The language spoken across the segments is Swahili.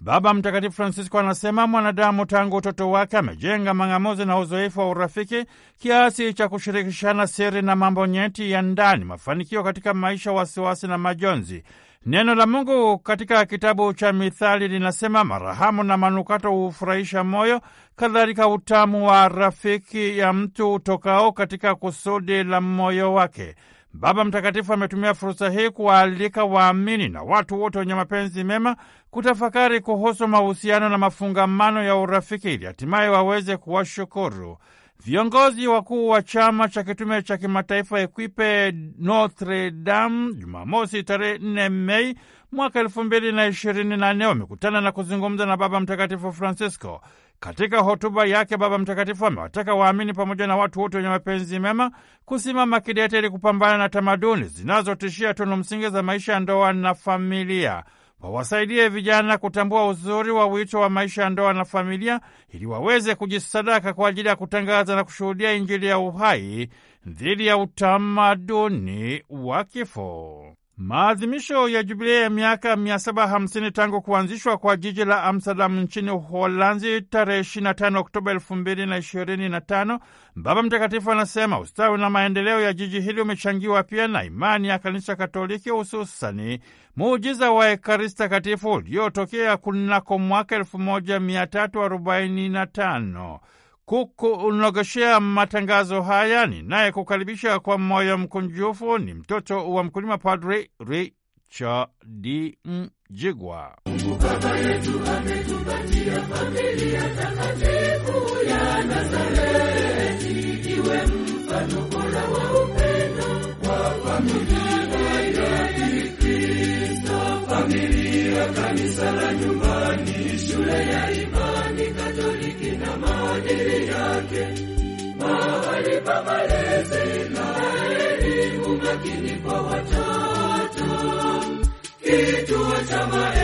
Baba Mtakatifu Francisco anasema mwanadamu tangu utoto wake amejenga mang'amuzi na uzoefu wa urafiki kiasi cha kushirikishana siri na mambo nyeti ya ndani, mafanikio katika maisha, wasiwasi na majonzi. Neno la Mungu katika kitabu cha Mithali linasema marahamu na manukato hufurahisha moyo, kadhalika utamu wa rafiki ya mtu utokao katika kusudi la moyo wake. Baba Mtakatifu ametumia fursa hii kuwaalika waamini na watu wote wenye mapenzi mema kutafakari kuhusu mahusiano na mafungamano ya urafiki ili hatimaye waweze kuwashukuru viongozi wakuu wa chama cha kitume cha kimataifa Equipe Notre Dame Jumamosi tarehe 4 Mei mwaka elfu mbili na ishirini na nne wamekutana na kuzungumza na Baba Mtakatifu Francisco. Katika hotuba yake, Baba Mtakatifu amewataka waamini pamoja na watu wote wenye mapenzi mema kusimama kidete ili kupambana na tamaduni zinazotishia tunu msingi za maisha ya ndoa na familia wawasaidie vijana kutambua uzuri wa wito wa maisha ya ndoa na familia ili waweze kujisadaka kwa ajili ya kutangaza na kushuhudia Injili ya uhai dhidi ya utamaduni wa kifo. Maadhimisho ya jubilei ya miaka 750 tangu kuanzishwa kwa jiji la Amsterdam nchini Uholanzi tarehe 25 Oktoba 2025, Baba Mtakatifu anasema ustawi na maendeleo ya jiji hili umechangiwa pia na imani ya Kanisa Katoliki, hususani muujiza wa Ekaristi Takatifu uliotokea kunako mwaka 1345 kukunogeshea matangazo haya ni naye kukaribisha kwa moyo mkunjufu ni mtoto wa mkulima Padri Richard Mjigwa. Baba yetu ametupatia familia takatifu ya Nazareti iwe mfano bora wa upendo familia ya Kristo, familia, kanisa la nyumbani, shule ya imani maadili yake, mahali pa malezi kituo cha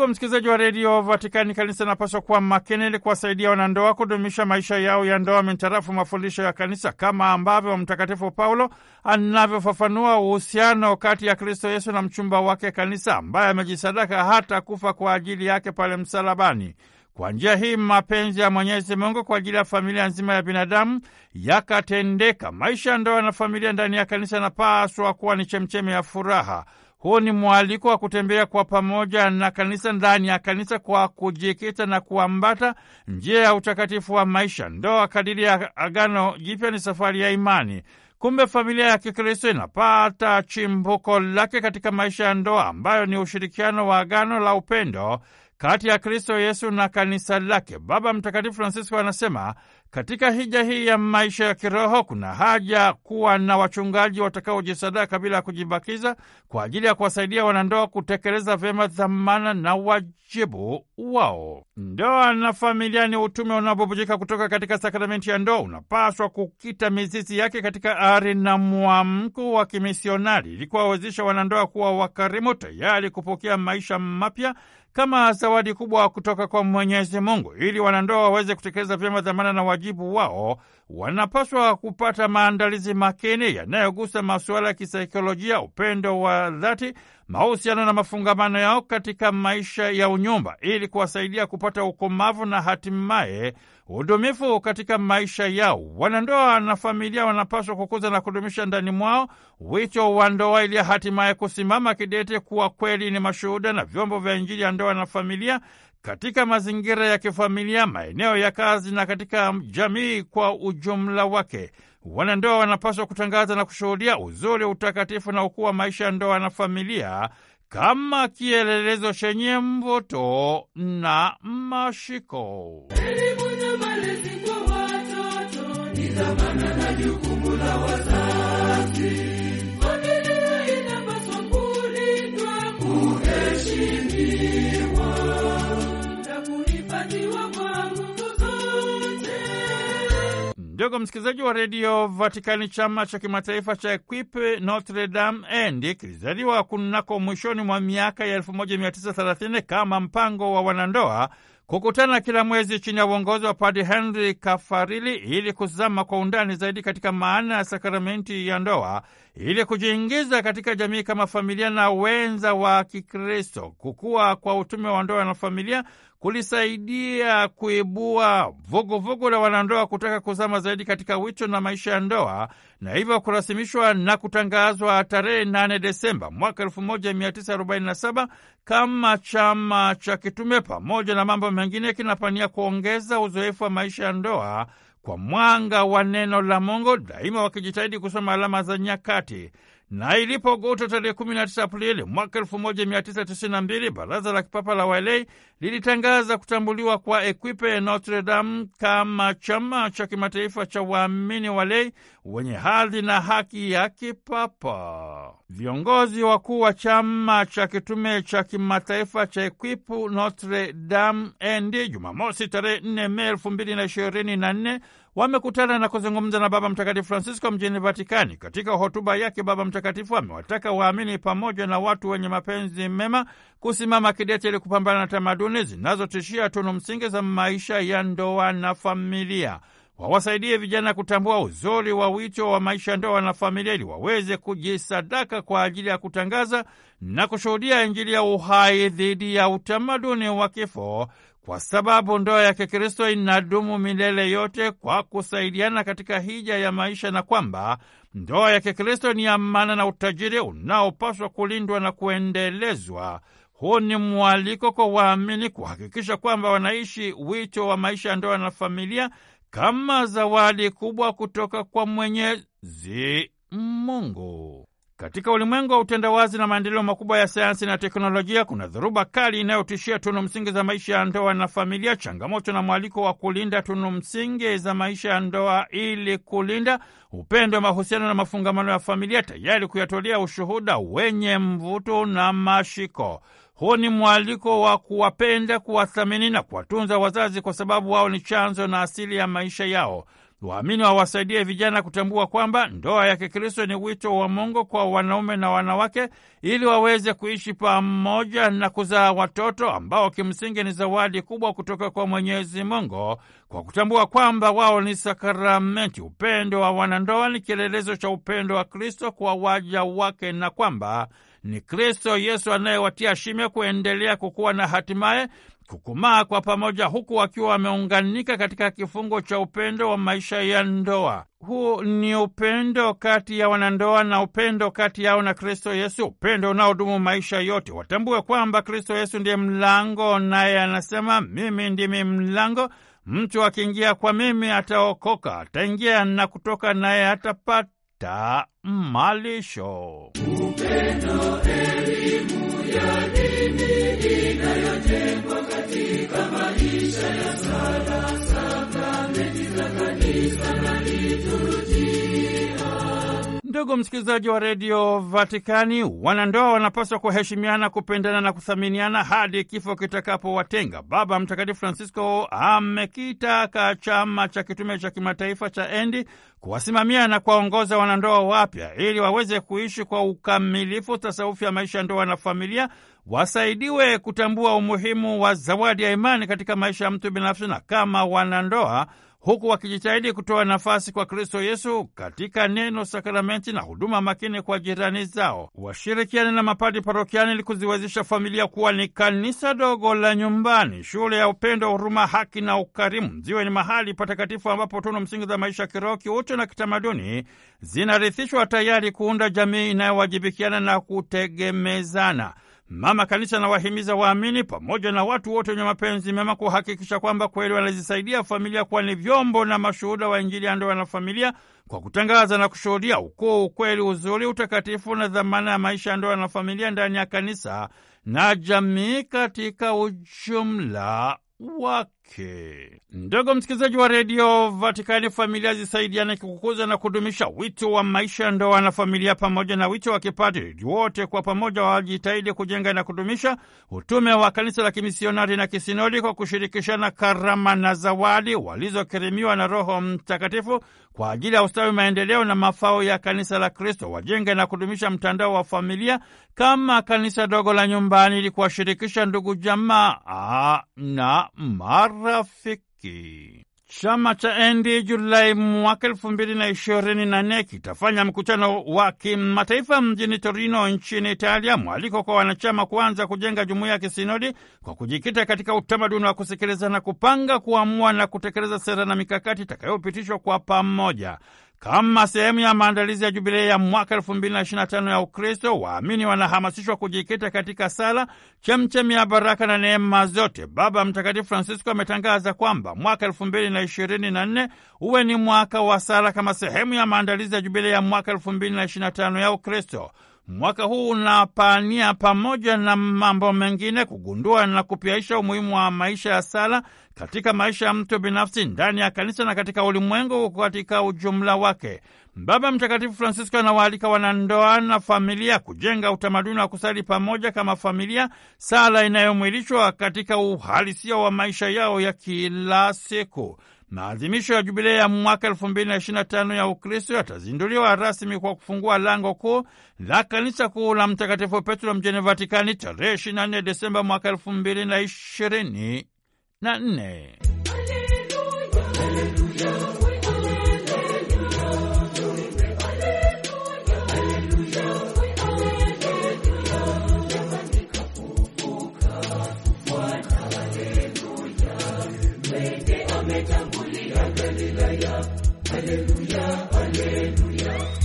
Ndugu msikilizaji wa redio Vatikani, kanisa inapaswa kuwa makini ili kuwasaidia wanandoa kudumisha maisha yao ya ndoa mintarafu mafundisho ya kanisa, kama ambavyo Mtakatifu Paulo anavyofafanua uhusiano kati ya Kristo Yesu na mchumba wake kanisa, ambaye amejisadaka hata kufa kwa ajili yake pale msalabani. Kwa njia hii mapenzi ya Mwenyezi Mungu kwa ajili ya familia nzima ya binadamu yakatendeka. Maisha ya ndoa na familia ndani ya kanisa yanapaswa kuwa ni chemchemi ya furaha huu ni mwaliko wa kutembea kwa pamoja na kanisa ndani ya kanisa kwa kujikita na kuambata njia ya utakatifu wa maisha. Ndoa kadiri ya Agano Jipya ni safari ya imani. Kumbe familia ya Kikristo inapata chimbuko lake katika maisha ya ndoa ambayo ni ushirikiano wa agano la upendo kati ya Kristo Yesu na kanisa lake. Baba Mtakatifu Francisco anasema katika hija hii ya maisha ya kiroho kuna haja kuwa na wachungaji watakaojisadaka bila kujibakiza kwa ajili ya kuwasaidia wanandoa kutekeleza vyema dhamana na wajibu wao. Ndoa na familia ni utume unaobubujika kutoka katika sakramenti ya ndoa, unapaswa kukita mizizi yake katika ari na mwamko wa kimisionari ili kuwawezesha wanandoa kuwa wakarimu, tayari kupokea maisha mapya kama zawadi kubwa kutoka kwa Mwenyezi Mungu, ili wanandoa waweze kutekeleza vyema dhamana na wajibu wajibu wao, wanapaswa kupata maandalizi makini yanayogusa masuala ya kisaikolojia, upendo wa dhati, mahusiano na mafungamano yao katika maisha ya unyumba, ili kuwasaidia kupata ukomavu na hatimaye hudumifu katika maisha yao. Wanandoa na familia wanapaswa kukuza na kudumisha ndani mwao wito wa ndoa, ili hatimaye kusimama kidete kuwa kweli ni mashuhuda na vyombo vya Injili ya ndoa na familia katika mazingira ya kifamilia, maeneo ya kazi na katika jamii kwa ujumla wake. Wanandoa wanapaswa kutangaza na kushuhudia uzuri, utakatifu na ukuu wa maisha ya ndoa na familia kama kielelezo chenye mvuto na mashiko. Elimu na malezi kwa watoto ni dhamana na jukumu la wazazi. Familia inapaswa kulindwa, kuheshimiwa Ndugu msikilizaji wa redio Vatikani, chama cha kimataifa cha Equipe Notre Dame endi kilizaliwa kunako mwishoni mwa miaka ya 1930 kama mpango wa wanandoa kukutana kila mwezi chini ya uongozi wa Padre Henry Kafarili ili kuzama kwa undani zaidi katika maana ya sakramenti ya ndoa ili kujiingiza katika jamii kama familia na wenza wa Kikristo. Kukua kwa utume wa ndoa na familia kulisaidia kuibua vuguvugu la wanandoa kutaka kuzama zaidi katika wicho na maisha ya ndoa na hivyo kurasimishwa na kutangazwa tarehe 8 Desemba mwaka 1947 kama chama cha kitume, pamoja na mambo mengine, kinapania kuongeza uzoefu wa maisha ya ndoa kwa mwanga wa neno la Mungu, daima wakijitahidi kusoma alama za nyakati na ilipo Goto tarehe 19 Aprili mwaka 1992 baraza la kipapa la walei lilitangaza kutambuliwa kwa Equipe Notre Dame kama chama cha kimataifa cha waamini walei wenye hadhi na haki ya kipapa. Viongozi wakuu wa chama cha kitume cha kimataifa cha equipu Notre Dame Endi, Jumamosi tarehe 4 Mei 2024 wamekutana na kuzungumza na Baba Mtakatifu Francisco mjini Vatikani. Katika hotuba yake, Baba Mtakatifu amewataka waamini pamoja na watu wenye mapenzi mema kusimama kidete ili kupambana na tamaduni zinazotishia tunu msingi za maisha ya ndoa na familia wawasaidie vijana kutambua uzuri wa wito wa maisha, ndoa na familia, ili waweze kujisadaka kwa ajili ya kutangaza na kushuhudia Injili ya uhai dhidi ya utamaduni wa kifo, kwa sababu ndoa ya Kikristo inadumu milele yote kwa kusaidiana katika hija ya maisha, na kwamba ndoa ya Kikristo ni amana na utajiri unaopaswa kulindwa na kuendelezwa. Huu ni mwaliko kwa waamini kuhakikisha kwamba wanaishi wito wa maisha, ndoa na familia kama zawadi kubwa kutoka kwa Mwenyezi Mungu. Katika ulimwengu wa utendawazi na maendeleo makubwa ya sayansi na teknolojia, kuna dhoruba kali inayotishia tunu msingi za maisha ya ndoa na familia, changamoto na mwaliko wa kulinda tunu msingi za maisha ya ndoa ili kulinda upendo wa mahusiano na mafungamano ya familia, tayari kuyatolea ushuhuda wenye mvuto na mashiko. Huu ni mwaliko wa kuwapenda, kuwathamini na kuwatunza wazazi, kwa sababu wao ni chanzo na asili ya maisha yao. Waamini wawasaidie vijana kutambua kwamba ndoa ya Kikristo ni wito wa Mungu kwa wanaume na wanawake, ili waweze kuishi pamoja na kuzaa watoto ambao kimsingi ni zawadi kubwa kutoka kwa Mwenyezi Mungu, kwa kutambua kwamba wao ni sakramenti. Upendo wa wanandoa ni kielelezo cha upendo wa Kristo kwa waja wake na kwamba ni Kristo Yesu anayewatia shime kuendelea kukuwa na hatimaye kukomaa kwa pamoja, huku wakiwa wameunganika katika kifungo cha upendo wa maisha ya ndoa. Huu ni upendo kati ya wanandoa na upendo kati yao na Kristo Yesu, upendo unaodumu maisha yote. Watambue kwamba Kristo Yesu ndiye mlango, naye anasema mimi ndimi mlango, mtu akiingia kwa mimi ataokoka, ataingia na kutoka, naye atapata Dr. Malisho. Upendo, elimu ya dini inayojengwa katika maisha ya sala, sakramenti za kanisa Ndugu msikilizaji wa redio Vatikani, wanandoa wanapaswa kuheshimiana, kupendana na kuthaminiana hadi kifo kitakapowatenga. Baba Mtakatifu Francisco amekitaka chama cha kitume cha kimataifa cha ENDI kuwasimamia na kuwaongoza wanandoa wapya ili waweze kuishi kwa ukamilifu tasaufi ya maisha ndoa na familia, wasaidiwe kutambua umuhimu wa zawadi ya imani katika maisha ya mtu binafsi na kama wanandoa huku wakijitahidi kutoa nafasi kwa Kristo Yesu katika neno, sakramenti na huduma makini kwa jirani zao. Washirikiane na mapadi parokiani ili kuziwezesha familia kuwa ni kanisa dogo la nyumbani, shule ya upendo, huruma, haki na ukarimu. Ziwe ni mahali patakatifu ambapo tunu msingi za maisha kiroho, kiutu na kitamaduni zinarithishwa, tayari kuunda jamii inayowajibikiana na kutegemezana. Mama Kanisa anawahimiza waamini pamoja na watu wote wenye mapenzi mema kuhakikisha kwamba kweli wanazisaidia familia kuwa ni vyombo na mashuhuda wa Injili ya ndoa na familia kwa kutangaza na kushuhudia ukuu, ukweli, uzuri, utakatifu na dhamana ya maisha ya ndoa na familia ndani ya kanisa na jamii katika ujumla wake wake. Ndugu msikilizaji wa redio Vatikani, familia zisaidiane kukuza na kudumisha wito wa maisha, ndoa na familia, pamoja na wito wa kipati Wote kwa pamoja wajitahidi kujenga na kudumisha utume wa kanisa la kimisionari na kisinodi kwa kushirikishana karama na zawadi walizokirimiwa na Roho Mtakatifu kwa ajili ya ustawi, maendeleo na mafao ya kanisa la Kristo. Wajenge na kudumisha mtandao wa familia kama kanisa dogo la nyumbani, ili kuwashirikisha ndugu, jamaa na marafiki. Chama cha ND Julai mwaka elfu mbili na ishirini na nne kitafanya mkutano wa kimataifa mjini Torino nchini Italia, mwaliko kwa wanachama kuanza kujenga jumuiya ya kisinodi kwa kujikita katika utamaduni wa kusikiliza na kupanga, kuamua na kutekeleza sera na mikakati itakayopitishwa kwa pamoja. Kama sehemu ya maandalizi ya jubilei ya mwaka elfu mbili na tano ya Ukristo, waamini wanahamasishwa kujikita katika sala, chemchemi ya baraka na neema zote. Baba Mtakatifu Francisco ametangaza kwamba mwaka elfu mbili na ishirini na nne uwe ni mwaka wa sala kama sehemu ya maandalizi ya jubilei ya mwaka elfu mbili na tano ya Ukristo. Mwaka huu unapania pamoja na mambo mengine kugundua na kupiaisha umuhimu wa maisha ya sala katika maisha ya mtu binafsi, ndani ya kanisa na katika ulimwengu katika ujumla wake. Baba Mtakatifu Francisco anawaalika wanandoa na familia kujenga utamaduni wa kusali pamoja kama familia, sala inayomwilishwa katika uhalisia wa maisha yao ya kila siku. Maadhimisho ya jubilei ya mwaka 2025 ya Ukristo yatazinduliwa rasmi kwa kufungua lango kuu la kanisa kuu la Mtakatifu Petro mjini Vatikani tarehe 24 Desemba mwaka 2024. Hallelujah! Hallelujah!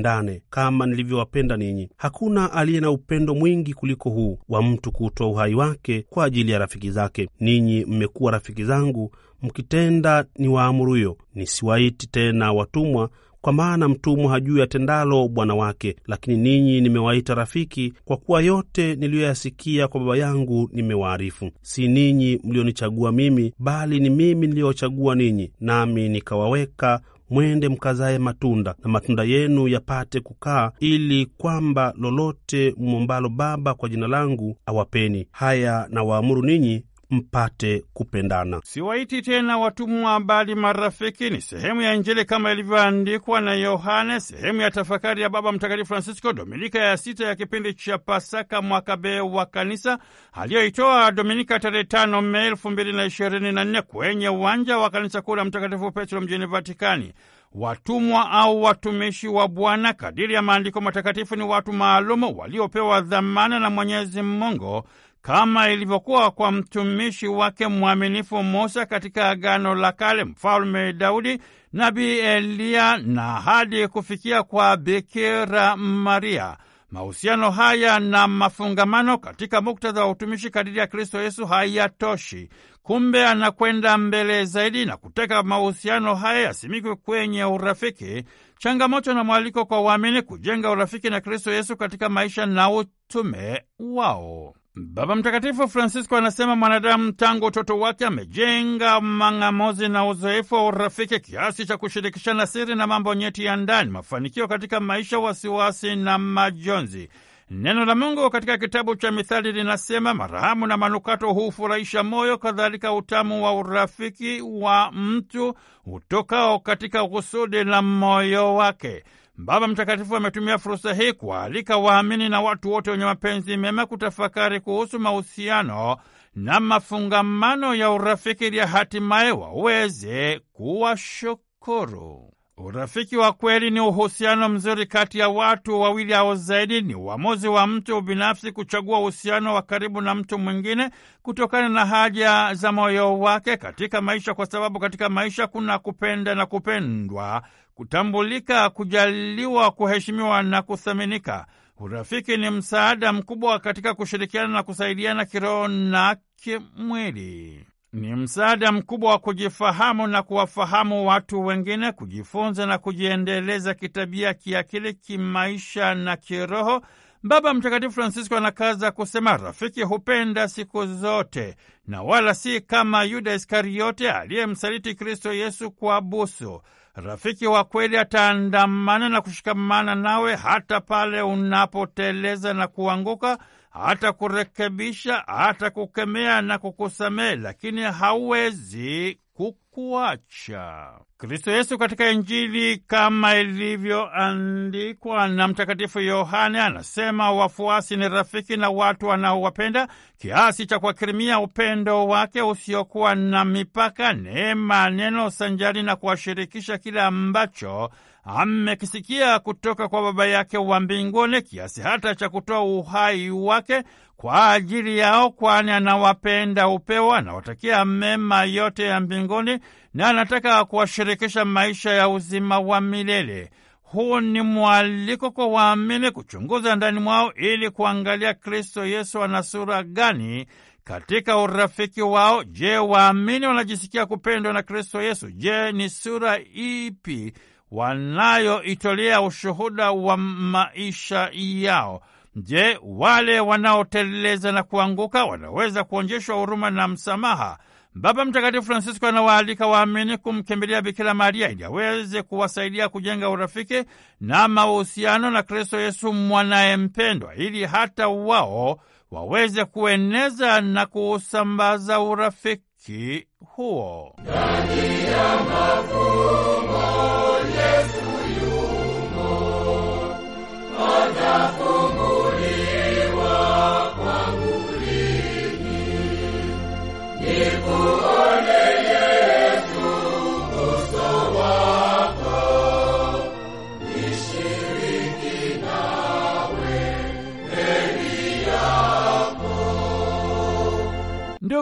tupendane kama nilivyowapenda ninyi. Hakuna aliye na upendo mwingi kuliko huu wa mtu kuutoa uhai wake kwa ajili ya rafiki zake. Ninyi mmekuwa rafiki zangu mkitenda ni niwaamuruyo. Nisiwaiti tena watumwa, kwa maana mtumwa hajui atendalo bwana wake, lakini ninyi nimewaita rafiki, kwa kuwa yote niliyoyasikia kwa Baba yangu nimewaarifu. Si ninyi mlionichagua mimi, bali ni mimi niliyowachagua ninyi, nami nikawaweka mwende mkazaye matunda, na matunda yenu yapate kukaa, ili kwamba lolote mwombalo Baba kwa jina langu awapeni. Haya na waamuru ninyi mpate kupendana. Siwaiti tena watumwa bali marafiki, ni sehemu ya Injili kama ilivyoandikwa na Yohane, sehemu ya tafakari ya Baba Mtakatifu Francisco Dominika ya sita ya kipindi cha Pasaka mwaka B wa Kanisa, aliyoitoa Dominika tarehe tano Mei elfu mbili na ishirini na nne kwenye uwanja wa kanisa kuu la Mtakatifu Petro mjini Vatikani. Watumwa au watumishi wa Bwana kadiri ya maandiko matakatifu ni watu maalumu waliopewa dhamana na Mwenyezi Mungu kama ilivyokuwa kwa mtumishi wake mwaminifu Musa katika Agano la Kale, Mfalme Daudi, Nabii Eliya na hadi kufikia kwa Bikira Maria. Mahusiano haya na mafungamano katika muktadha wa utumishi kadiri ya Kristo Yesu hayatoshi. Kumbe anakwenda mbele zaidi na kutaka mahusiano haya yasimikwe kwenye urafiki, changamoto na mwaliko kwa waamini kujenga urafiki na Kristo Yesu katika maisha na utume wao. Baba Mtakatifu Francisco anasema mwanadamu tangu utoto wake amejenga mang'amuzi na uzoefu wa urafiki kiasi cha kushirikishana siri na mambo nyeti ya ndani, mafanikio katika maisha, wasiwasi na majonzi. Neno la Mungu katika kitabu cha Mithali linasema marahamu na manukato hufurahisha moyo, kadhalika utamu wa urafiki wa mtu utokao katika kusudi la moyo wake. Baba Mtakatifu ametumia fursa hii kualika waamini na watu wote wenye mapenzi mema kutafakari kuhusu mahusiano na mafungamano ya urafiki ili hatimaye waweze kuwashukuru. Urafiki wa kweli ni uhusiano mzuri kati ya watu wawili au zaidi. Ni uamuzi wa mtu binafsi kuchagua uhusiano wa karibu na mtu mwingine kutokana na haja za moyo wake katika maisha, kwa sababu katika maisha kuna kupenda na kupendwa, kutambulika, kujaliwa, kuheshimiwa na kuthaminika. Urafiki ni msaada mkubwa katika kushirikiana na kusaidiana kiroho na kimwili ni msaada mkubwa wa kujifahamu na kuwafahamu watu wengine, kujifunza na kujiendeleza kitabia, kiakili, kimaisha na kiroho. Baba Mtakatifu Francisco anakaza kusema, rafiki hupenda siku zote na wala si kama Yuda Iskariote aliyemsaliti Kristo Yesu kwa busu. Rafiki wa kweli ataandamana na kushikamana nawe hata pale unapoteleza na kuanguka atakurekebisha, atakukemea na kukusamehe, lakini hauwezi kukuacha. Kristo Yesu katika Injili kama ilivyoandikwa na Mtakatifu Yohane anasema, wafuasi ni rafiki na watu wanaowapenda kiasi cha kuwakirimia upendo wake usiokuwa na mipaka, neema, neno sanjari na kuwashirikisha kile ambacho amekisikia kutoka kwa Baba yake wa mbinguni, kiasi hata cha kutoa uhai wake kwa ajili yao, kwani anawapenda upewa anawatakia mema yote ya mbinguni na anataka kuwashirikisha maisha ya uzima wa milele. Huu ni mwaliko kwa waamini kuchunguza ndani mwao ili kuangalia Kristo Yesu ana sura gani katika urafiki wao. Je, waamini wanajisikia kupendwa na Kristo Yesu? Je, ni sura ipi wanayoitolea ushuhuda wa maisha yao. Je, wale wanaoteleza na kuanguka wanaweza kuonjeshwa huruma na msamaha? Baba Mtakatifu Francisco anawaalika waamini kumkimbilia Bikira Maria ili aweze kuwasaidia kujenga urafiki na mahusiano na Kristo Yesu mwanaye mpendwa, ili hata wao waweze kueneza na kuusambaza urafiki huo.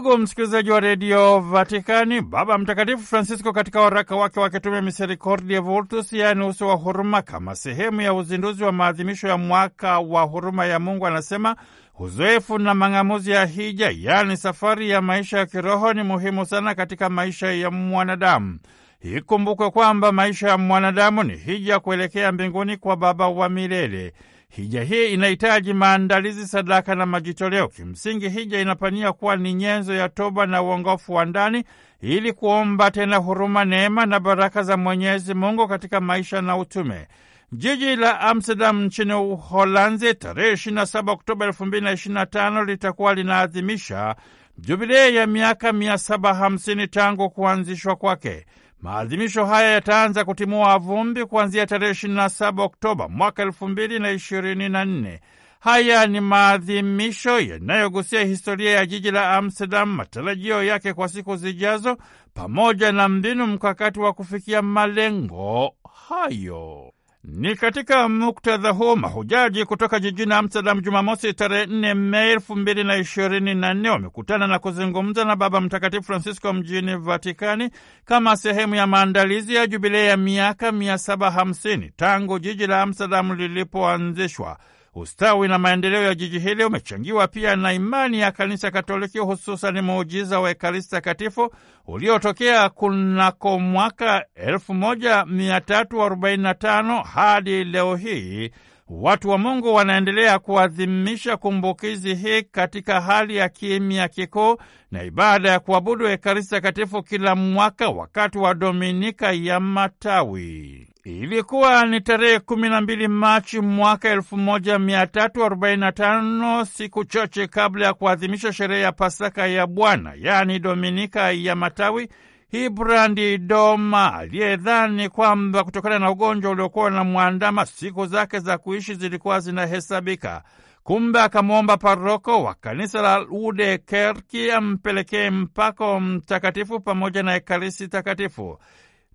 Ndugu msikilizaji wa redio Vatikani, Baba Mtakatifu Francisco katika waraka wake wakitumia Misericordia voltus yaani uso wa huruma, kama sehemu ya uzinduzi wa maadhimisho ya mwaka wa huruma ya Mungu, anasema uzoefu na mang'amuzi ya hija, yaani safari ya maisha ya kiroho, ni muhimu sana katika maisha ya mwanadamu. Ikumbukwe kwamba maisha ya mwanadamu ni hija kuelekea mbinguni kwa Baba wa milele. Hija hii inahitaji maandalizi, sadaka na majitoleo. Kimsingi, hija inapania kuwa ni nyenzo ya toba na uongofu wa ndani, ili kuomba tena huruma, neema na baraka za Mwenyezi Mungu katika maisha na utume. Jiji la Amsterdam nchini Uholanzi tarehe 27 Oktoba 2025 litakuwa linaadhimisha jubilei ya miaka 750 tangu kuanzishwa kwake. Maadhimisho haya yataanza kutimua vumbi kuanzia tarehe 27 Oktoba mwaka 2024. Haya ni maadhimisho yanayogusia historia ya jiji la Amsterdam, matarajio yake kwa siku zijazo, pamoja na mbinu mkakati wa kufikia malengo hayo. Ni katika muktadha huu mahujaji kutoka jijini Amsterdam Jumamosi tarehe 4 Mei elfu mbili na ishirini na nne wamekutana na kuzungumza na Baba Mtakatifu Francisco mjini Vatikani kama sehemu ya maandalizi ya jubilei ya miaka mia saba hamsini tangu jiji la Amsterdam lilipoanzishwa. Ustawi na maendeleo ya jiji hili umechangiwa pia na imani ya Kanisa Katoliki, hususani muujiza wa Ekaristi Takatifu uliotokea kunako mwaka 1345 hadi leo hii. Watu wa Mungu wanaendelea kuadhimisha kumbukizi hii katika hali ya kimya kikuu na ibada ya kuabudu Ekaristi Takatifu kila mwaka wakati wa Dominika ya Matawi. Ilikuwa ni tarehe kumi na mbili Machi mwaka elfu moja mia tatu arobaini na tano siku choche kabla ya kuadhimisha sherehe ya Pasaka ya Bwana, yaani Dominika ya Matawi. Hibrandi Doma aliyedhani kwamba kutokana na ugonjwa uliokuwa na mwandama siku zake za kuishi zilikuwa zinahesabika, kumbe akamwomba paroko wa kanisa la Ude Kerki ampelekee mpako mtakatifu pamoja na ekaristi takatifu.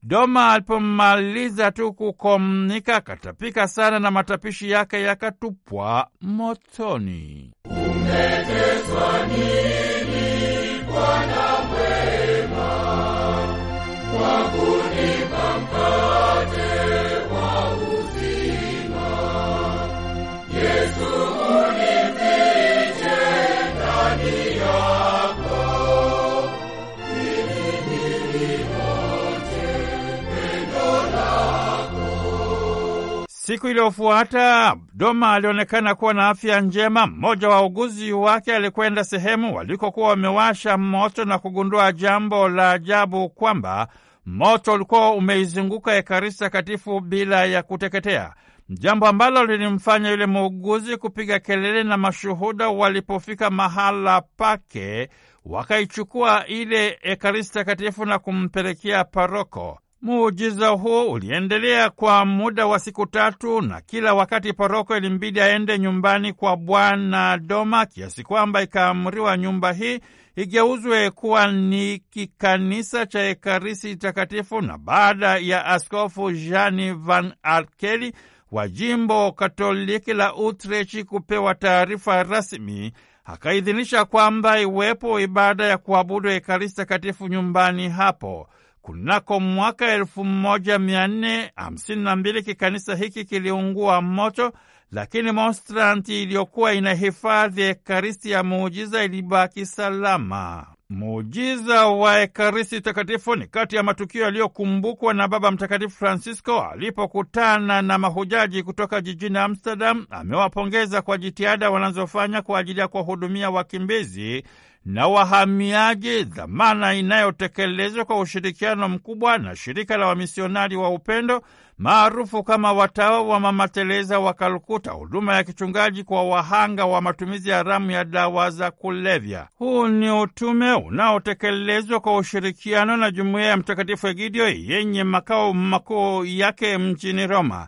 Doma alipomaliza tu kukomnika, akatapika sana na matapishi yake yakatupwa motoni. Umeteswa nini Bwana mwema? Siku iliyofuata Doma alionekana kuwa na afya njema. Mmoja wa wauguzi wake alikwenda sehemu walikokuwa wamewasha moto na kugundua jambo la ajabu kwamba moto ulikuwa umeizunguka Ekaristi Takatifu bila ya kuteketea, jambo ambalo lilimfanya yule muuguzi kupiga kelele, na mashuhuda walipofika mahala pake wakaichukua ile Ekaristi Takatifu na kumpelekea paroko. Muujiza huo uliendelea kwa muda wa siku tatu, na kila wakati paroko ilimbidi aende nyumbani kwa Bwana Doma, kiasi kwamba ikaamriwa nyumba hii igeuzwe kuwa ni kikanisa cha Ekaristi Takatifu. Na baada ya Askofu jani Van Arkeli wa jimbo Katoliki la Utrechi kupewa taarifa rasmi, akaidhinisha kwamba iwepo ibada ya kuabudu Ekaristi Takatifu nyumbani hapo. Kunako mwaka elfu moja mia nne hamsini na mbili kikanisa hiki kiliungua moto, lakini monstranti iliyokuwa inahifadhi ekaristi ya muujiza ilibaki salama. Muujiza wa ekaristi takatifu ni kati ya matukio yaliyokumbukwa na Baba Mtakatifu Francisco alipokutana na mahujaji kutoka jijini Amsterdam. Amewapongeza kwa jitihada wanazofanya kwa ajili ya kuwahudumia wakimbizi na wahamiaji, dhamana inayotekelezwa kwa ushirikiano mkubwa na shirika la wamisionari wa upendo maarufu kama watawa wa Mama Teresa wa Kalkuta, huduma ya kichungaji kwa wahanga wa matumizi haramu ya dawa za kulevya. Huu ni utume unaotekelezwa kwa ushirikiano na jumuiya ya Mtakatifu Egidio yenye makao makuu yake mjini Roma.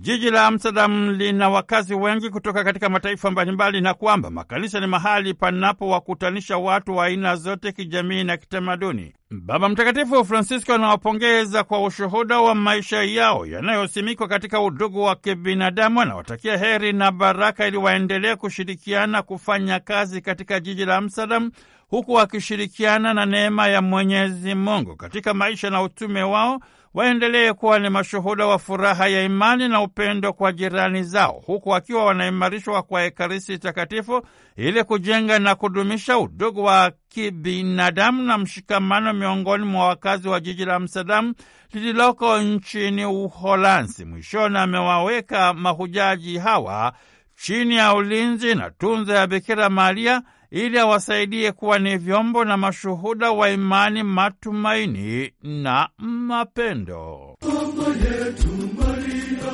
Jiji la Amsterdam lina wakazi wengi kutoka katika mataifa mbalimbali, na kwamba makanisa ni mahali panapowakutanisha watu wa aina zote kijamii na kitamaduni. Baba Mtakatifu Francisco anawapongeza kwa ushuhuda wa maisha yao yanayosimikwa katika udugu wa kibinadamu. Anawatakia heri na baraka ili waendelee kushirikiana kufanya kazi katika jiji la Amsterdam, huku wakishirikiana na neema ya Mwenyezi Mungu katika maisha na utume wao waendelee kuwa ni mashuhuda wa furaha ya imani na upendo kwa jirani zao, huku wakiwa wanaimarishwa kwa Ekaristi Takatifu ili kujenga na kudumisha udugu wa kibinadamu na mshikamano miongoni mwa wakazi wa jiji la Amsterdamu lililoko nchini Uholanzi. Mwishoni amewaweka mahujaji hawa chini ya ulinzi na tunza ya Bikira Maria ili awasaidie kuwa ni vyombo na mashuhuda wa imani, matumaini na mapendo. Mama yetu Maria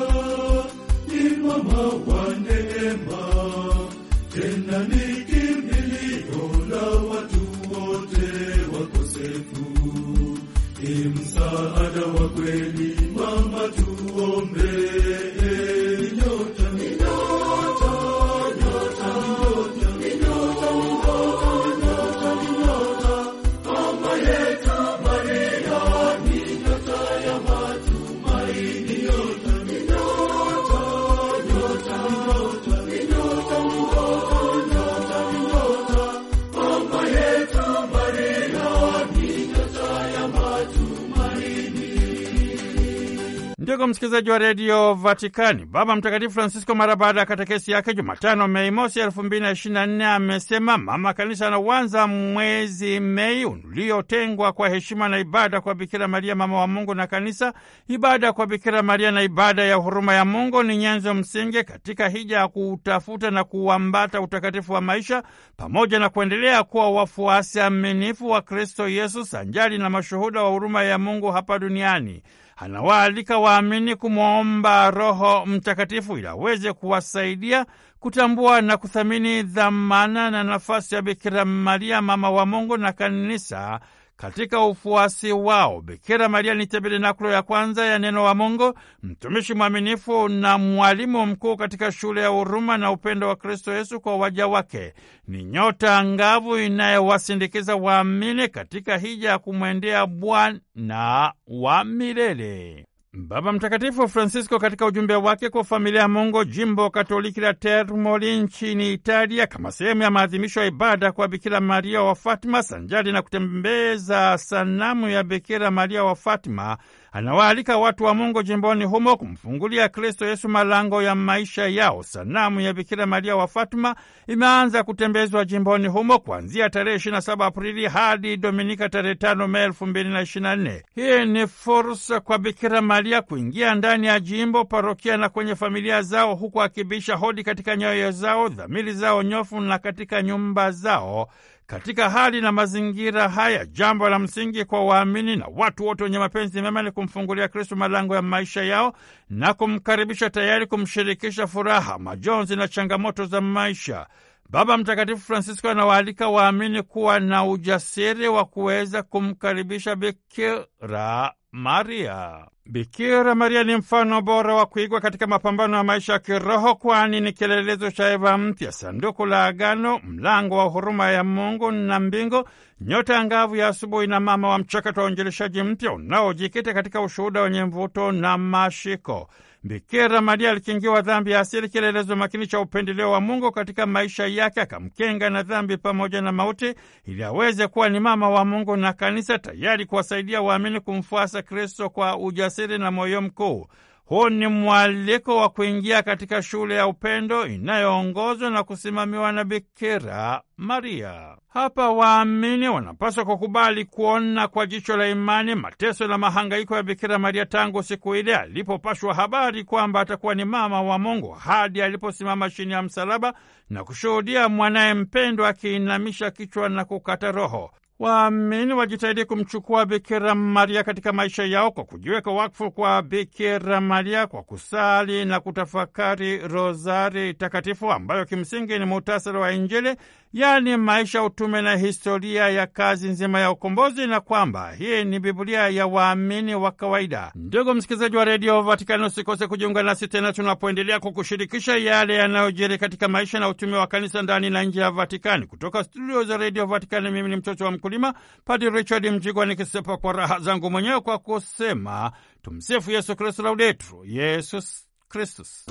ni mama wa neema, tena ni kimbilio la watu wote wakosefu, ni msaada wa kweli Ndugu msikilizaji wa redio Vatikani, Baba Mtakatifu Francisco mara baada ya katekesi yake Jumatano Mei mosi elfu mbili na ishirini na nne amesema mama kanisa anauanza mwezi Mei uliotengwa kwa heshima na ibada kwa Bikira Maria mama wa Mungu na kanisa. Ibada kwa Bikira Maria na ibada ya huruma ya Mungu ni nyenzo msingi katika hija ya kuutafuta na kuuambata utakatifu wa maisha, pamoja na kuendelea kuwa wafuasi aminifu wa Kristo Yesu sanjari na mashuhuda wa huruma ya Mungu hapa duniani anawaalika waamini kumwomba Roho Mtakatifu ili aweze kuwasaidia kutambua na kuthamini dhamana na nafasi ya Bikira Maria, mama wa Mungu na Kanisa katika ufuasi wao. Bikira Maria ni tabernakulo ya kwanza ya neno wa Mungu, mtumishi mwaminifu na mwalimu mkuu katika shule ya huruma na upendo wa Kristo Yesu kwa waja wake. Ni nyota angavu inayowasindikiza waamini katika hija ya kumwendea Bwana wa milele. Baba Mtakatifu Francisco katika ujumbe wake kwa familia ya Mungu jimbo Katoliki la Termoli nchini Italia, kama sehemu ya maadhimisho ya ibada kwa Bikira Maria wa Fatima sanjari na kutembeza sanamu ya Bikira Maria wa Fatima, anawaalika watu wa Mungu jimboni humo kumfungulia Kristo Yesu malango ya maisha yao. Sanamu ya Bikira Maria wa Fatima imeanza kutembezwa jimboni humo kuanzia tarehe 27 Aprili hadi Dominika tarehe 5 Mei 2024. Hii ni fursa kwa Bikira Maria mahalia kuingia ndani ya jimbo, parokia na kwenye familia zao, huku akibisha hodi katika nyoyo zao, dhamiri zao nyofu na katika nyumba zao. Katika hali na mazingira haya, jambo la msingi kwa waamini na watu wote wenye mapenzi mema ni kumfungulia Kristu malango ya maisha yao na kumkaribisha, tayari kumshirikisha furaha, majonzi na changamoto za maisha. Baba Mtakatifu Francisco anawaalika waamini kuwa na ujasiri wa kuweza kumkaribisha Bikira Maria. Bikira Maria ni mfano bora wa kuigwa katika mapambano ya maisha ya kiroho, kwani ni kielelezo cha Eva mpya, sanduku la agano, mlango wa huruma ya Mungu na mbingu, nyota angavu ya asubuhi na mama wa mchakato wa uinjilishaji mpya unaojikita katika ushuhuda wenye mvuto na mashiko. Bikira Maria alikingiwa dhambi ya asili, kielelezo makini cha upendeleo wa Mungu katika maisha yake, akamkenga na dhambi pamoja na mauti, ili aweze kuwa ni mama wa Mungu na kanisa, tayari kuwasaidia waamini kumfuasa Kristo kwa ujasiri na moyo mkuu. Huu ni mwaliko wa kuingia katika shule ya upendo inayoongozwa na kusimamiwa na Bikira Maria. Hapa waamini wanapaswa kukubali kuona kwa jicho la imani mateso na mahangaiko ya Bikira Maria tangu siku ile alipopashwa habari kwamba atakuwa ni mama wa Mungu hadi aliposimama chini ya msalaba na kushuhudia mwanaye mpendwa akiinamisha kichwa na kukata roho. Waamini wajitahidi kumchukua Bikira Maria katika maisha yao kwa kujiweka wakfu kwa Bikira Maria kwa kusali na kutafakari rozari takatifu ambayo kimsingi ni muhtasari wa Injili yaani maisha, utume na historia ya kazi nzima ya ukombozi, na kwamba hii ni Biblia ya waamini wa kawaida. Ndugu msikilizaji wa redio Vatikani, usikose kujiunga nasi tena tunapoendelea kukushirikisha yale yanayojiri katika maisha na utume wa kanisa ndani na nje ya Vatikani. Kutoka studio za redio Vatikani, mimi ni mtoto wa mkulima Padi Richard Mjigwa, nikisepa kwa raha zangu mwenyewe kwa kusema tumsifu Yesu Kristu, laudetur Yesus Kristus.